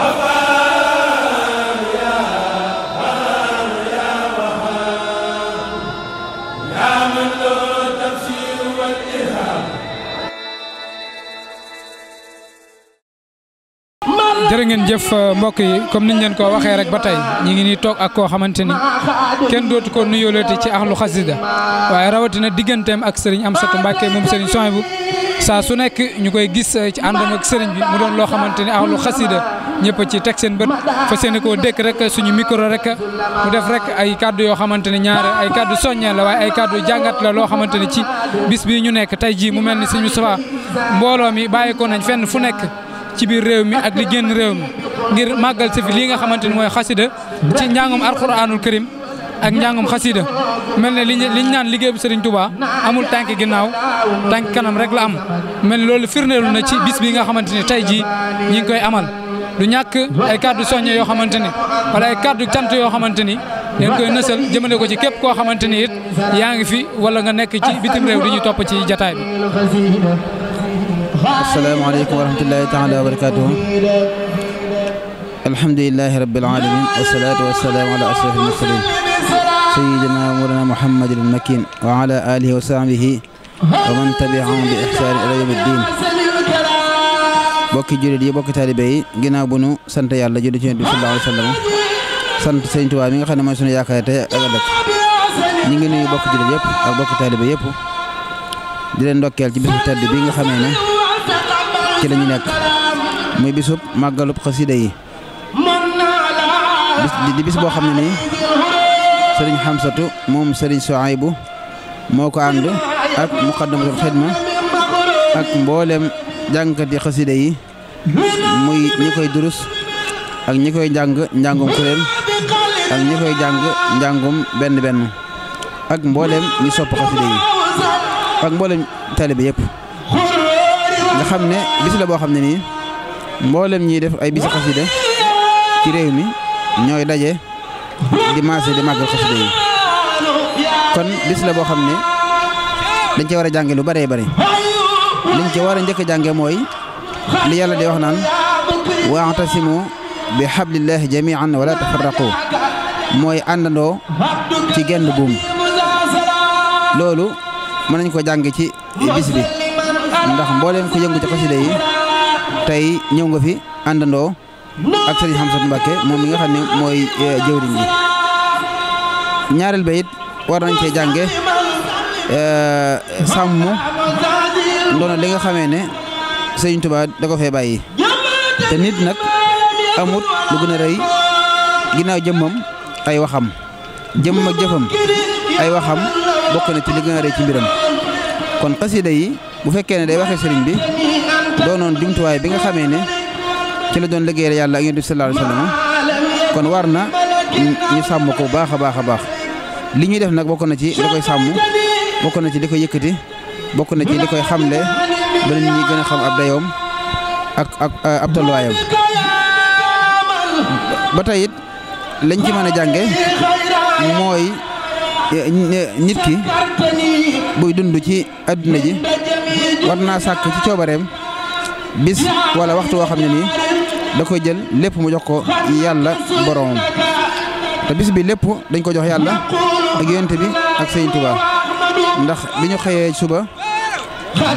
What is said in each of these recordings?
아빠 jërë ngeen jëf euh, mbokk yi comme niñ leen ko waxee rek ba tey ñi ngi nii toog ak koo xamante ni kenn dootu ko nuyooleeti ci ak axlu xasida waaye rawatina digganteem ak am Serigne Amsatou Mbacké moom Serigne Souhaïbou saa su nekk ñu koy gis euh, ci àndoom ak Serigne bi mu doon loo xamante ni lu xasida ñëpp ci teg seen bët fa seeni koo dékk rek suñu micro rek mu def rek ay kàddu yoo xamante ni ñaare ay kàddu soññee la waaye ay kaddu jàngat la loo xamante ni ci bis bii ñu nekk tey jii mu mel ni Serigne Moustapha mbooloo mi bàyyi nañ fenn fu nekk ci biir réew mi ak li génn réew mi ngir màggal si fi lii nga xamante ni mooy xasida ci njàngum alxuraanul karim ak njàngum xasida mel ne liñ ñaan liggéey bu Serigne Touba amul tànk ginnaaw tànk kanam rek la am mel ne loolu firndeelu na ci bis bi nga xamante ni tey jii ñi ngi koy amal du ñàkk ay kàddu soññe yoo xamante ni wala ay kàddu cant yoo xamante ni dañ koy nësal jëmale ko ci képp koo xamante ni it yaa ngi fi wala nga nekk ci bitim réew di ñu topp ci jataay bi السلام عليكم ورحمة الله تعالى وبركاته الحمد لله رب العالمين والصلاة والسلام على أشرف المرسلين سيدنا مولانا محمد المكين وعلى آله وصحبه ومن تبعهم بإحسان إلى يوم الدين بوكي جولي بوكي تالبي غينا بونو سانت يالا جولي صلى الله عليه وسلم سانت سيدي توامي خا نما سونو ياكاي تاي اغالك نيغي نوي بوكي جولي ييب ا بوكي تالبي ييب دي لن دوكيل سي بيسو تاد بيغا خامي نه ci la ñu nekk muy bisub màggalub xasida yi di bis boo xam ne nii sëriñ Xamsatu moom sëriñ soo Soaybu moo ko ànd ak muqaddamatul xidma ak mboolem jàngkati xasida yi muy ñi koy durus ak ñi koy jàng njàngum kuréel ak ñi koy jàng njàngum benn benn ak mboolem ñi sopp xasida yi ak mboolem taalibe yépp nga xam ne bis la boo xam ne nii mboolem ñiy def ay bisi de ci réew mi ñooy daje di maase di màggal yi kon bis la boo xam ne dañ ci war a jànge lu bëree bëri liñ ci war a njëkk jànge mooy li yàlla di wax naan wa'tasimu bi hablillahi jami'an wala tafarraqu mooy àndandoo ci genn buum loolu mën nañ ko jàng ci bis bi ndax mbooleem ko yëngu ci xasida yi tey ñëw nga fi àndandoo ak sëriñ Xamsatu Mbàkke moom mi nga xam ne mooy eh, jëwriñ bi ñaareel ba war nañ cee jànge eh, sàmm ndono li nga xamee ne sëriñ Tuubaa da ko fee bàyyi te nit nag amut lu gën a rëy ginnaaw jëmmam ay waxam jëmm ak jëfam ay waxam bokk na ci li gën rëy ci mbiram kon xasida yi bu fekkee ne day waxe sëriñ bi doonoon jumtuwaay bi nga xamee ne ci la doon liggéeyal yàlla ak yonent bi sallallahu alayhi kon war na ñu sàmm ko baax a baax a baax li ñuy def nag bokk na ci li koy sàmm bokk na ci li koy yëkkati bokk na ci li koy xamle ba nit ñi gën a xam ab dayoom ak ab tolluwaayam ba tey it lañ ci mën a jànge mooy eh, nit ki buy dund ci àdduna ji war naa sàkk ci coobareem bis walla waxtu woo xam ne nii da koy jël lépp mu jox ko yàlla boromam te bis bi lépp dañ ko jox yàlla ak yonent bi ak Sëriñ Tuubaa ndax bi ñu xëyee suba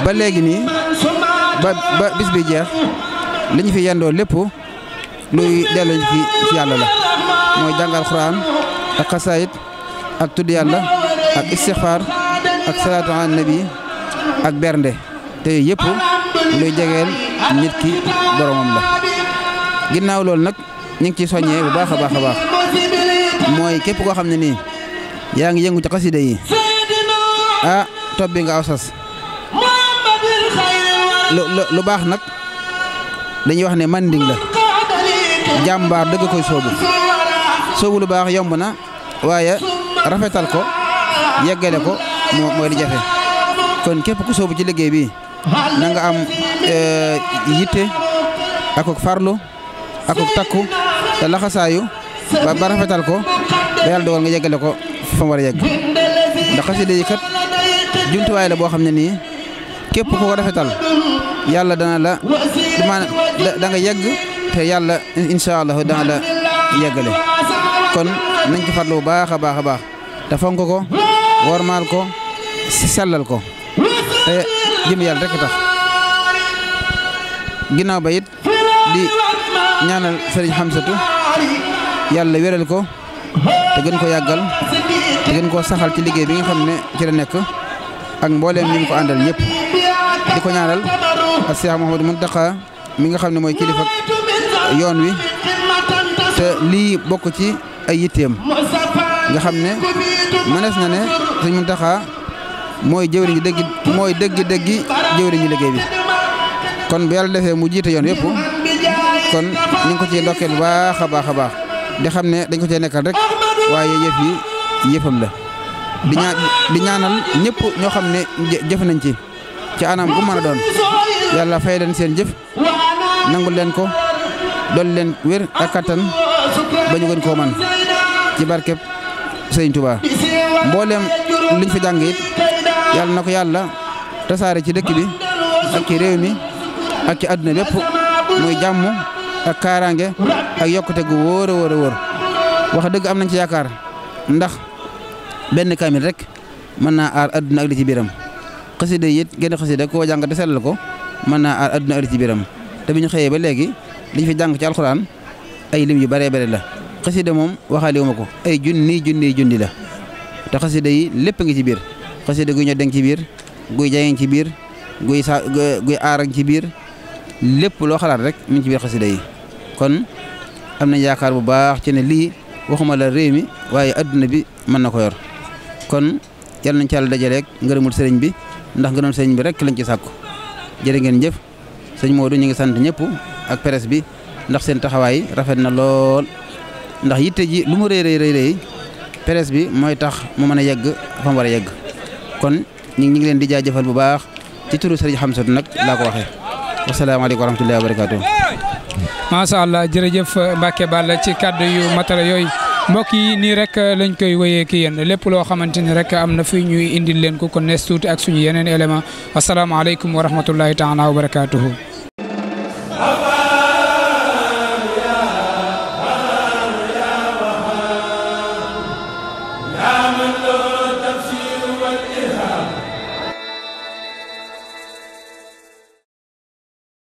ba léegi nii ba bis bi jeex li ñu fi yendoo lépp luy delloo fi ci yàlla la mooy jàngal xuraan ak xasaayit ak tudd yàlla ak istixfaar ak salaatu ala ak bernde te yëpp luy jegeel nit ki boromam la ginnaaw loolu nag ñu ngi ciy soññee bu baax a baax a baax mooy képp koo xam ne nii yaa ngi yëngu ci xasida yi ah topp bi nga aw sas lu baax nag dañuy wax ne manding la jàmbaar dëgg koy soobu soobu lu baax yomb na waaye rafetal ko yeggale ko moo mooy di jafe kon képp ku soobu ci liggéey bi na am eh, yitte ak ak farlu ak ak takku te laxasaayu ba ba rafetal ko ba yàlla dogal nga yeggale ko fa mu war a yegg ndax xasida yi kat jumtuwaay la boo xam ne nii képp ku ko rafetal yàlla dana la da nga yegg te yàlla incha allah dana la yeggale kon nañ farlu bu baax a baax a baax te fonk ko wormaal ko sellal ko jëm yàlla rek tax ginnaaw ba it di ñaanal Serigne Hamsatu yàlla wéral ko te gën ko yàggal te gën koo saxal ci liggéey bi nga xam ne ci la nekk ak mbooleem ñi ko àndal ñëpp di ko ñaanal ak Cheikh Mouhamadou Mountakha mi nga xam ne mooy kilifa yoon wi te lii bokk ci ay yitteem nga xam ne mënees na ne Serigne Mountakha mooy jëwriñu dëgg mooy dëgg dëggi jëwriñu liggéey bi kon bu yàlla defee mu jiite yoon yëpp kon ñu ko ciy ndokkeel bu baax a baax di xam ne dañ ko cee nekkal rek waaye yëf yi yëfam la di ñaan ñaanal ñëpp ñoo xam ne jëf nañ ci ci anam gu mën a doon yàlla fay leen seen jëf nangu leen ko doon leen wér ak kattan ba ñu gën koo man ci barkeb Sëriñ Tuubaa mboolem liñ fi jàng it yàlla na ko yàlla tasaare ci dëkk bi ak ci réew mi ak ci àdduna bépp muy jàmm ak kaaraange ak yokkute gu wóor a wóor wax dëgg am nañ ci yaakaar ndax benn kaamil rek mën naa aar àdduna ak li ci biiram xasida it genn xasida ko jàng te sellal ko mën naa aar àdduna ak li ci biiram te bi ñu xëyee ba léegi li fi jàng ci alxuraan ay lim yu bare bare la xasida moom waxaaliwuma ko ay junni junni junni la te xasida yi lépp ngi ci biir xasida guy ñoddeng ci biir guy jayeng ci biir guy sa guy aarang ci biir lépp loo xalaat rek mi ngi ci biir xasida yi kon am na yaakaar bu baax ci ne lii waxuma la réew mi waaye adduna bi mën na ko yor kon yal nañ ci yàlla dajaleeg ngërëmul sëriñ bi ndax ngërëmul sëriñ bi rek lañ ci sàkku jërë ngeen jëf sëñ Modou ñu ngi sant ñëpp ak presse bi ndax seen taxawaay rafet na lool ndax yitte ji lu mu rëy rëy rëy presse bi mooy tax mu mën a yegg fa mu war a yegg kon ñu ngi leen di jëfal bu baax ci turu Serigne Hamsatu nag laa ko waxee wasalaamaaleykum wa rahmatullahi wa barakaatu. macha allah jërëjëf Mbacke Balla ci kàddu yu matala yooyu. mbokk yi nii rek uh, lañ koy wéyee ki yéen lépp loo xamante ni rek am na fi ñuy indil leen ko kon nees tuuti ak suñu yeneen élément asalaamaaleykum wa rahmatullahi taala wa barakaatuhu